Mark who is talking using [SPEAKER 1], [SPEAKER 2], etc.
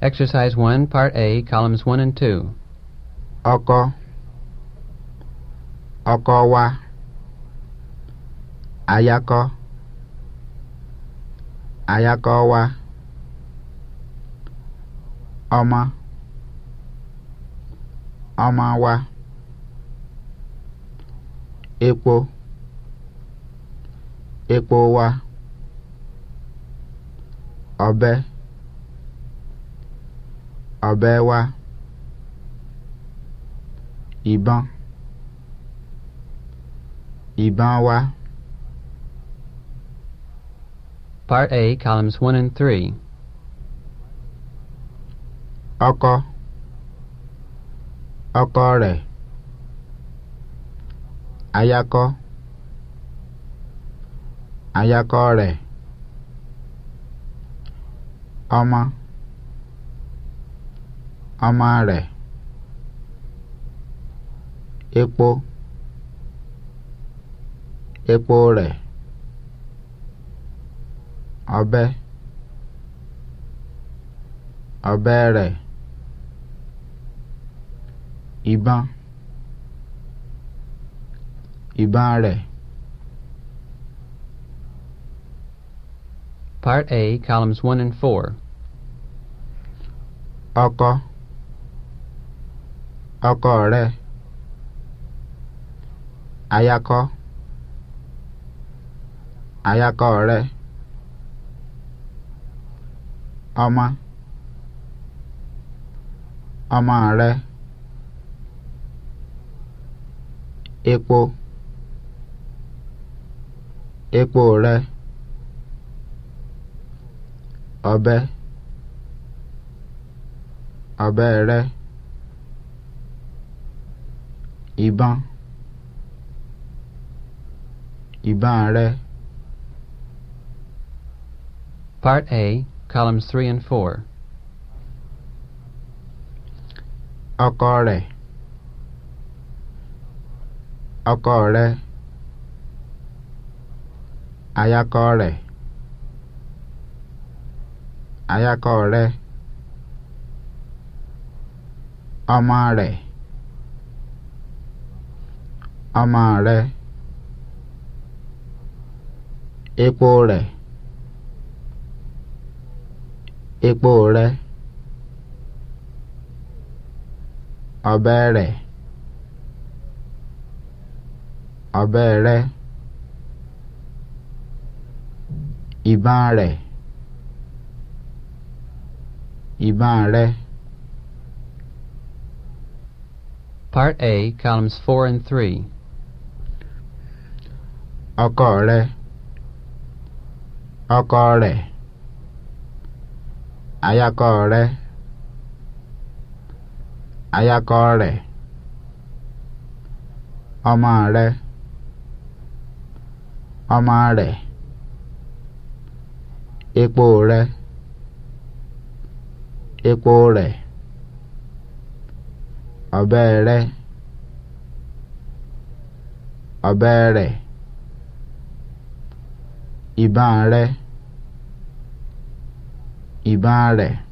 [SPEAKER 1] Exercise 1, Part A, columns 1 and 2. Ọkọ.
[SPEAKER 2] Ọkọ wa. Ayakọ. Ayakọ wa. Oma, Oma wa. Epo. Epo wa. Ọbẹ ọ̀bẹ
[SPEAKER 1] Iban, ìbọn ìbọn wa. Part A, columns 1 and 3. Ọkọ ọkọ
[SPEAKER 2] rẹ̀ ayakọ ayakọ rẹ̀ ọmọ ọmọ rẹ̀ epo epo rẹ̀ ọ̀bẹ ọ̀bẹ rẹ̀ ìbọn ìbọn rẹ̀.
[SPEAKER 1] Part A, columns 1 and 4. Ọkọ. Okay. ọkọ rẹ
[SPEAKER 2] ayakọ ayakọ rẹ ọmọ ọmọ rẹ epo epo rẹ ọbẹ ọbẹ rẹ.
[SPEAKER 1] ìbọn ìbọn rẹ. Part A, columns 3 and 4. Ọkọ rẹ̀
[SPEAKER 2] ọkọ rẹ̀ ayakọ rẹ̀ ayakọ rẹ̀ ọmọ rẹ̀ ọmọ rẹ epo rẹ epo rẹ ọ̀bẹ rẹ ọ̀bẹ rẹ ìbọn rẹ
[SPEAKER 1] ìbọn rẹ. Part A, columns 4 and 3. ọkọ rẹ
[SPEAKER 2] ọkọ rẹ ayakọ rẹ ayakọ rẹ ọmọ rẹ ọmọ rẹ epo rẹ epo rẹ ọ̀bẹ rẹ ọ̀bẹ rẹ. ìbọn rẹ̀ ìbọn rẹ̀.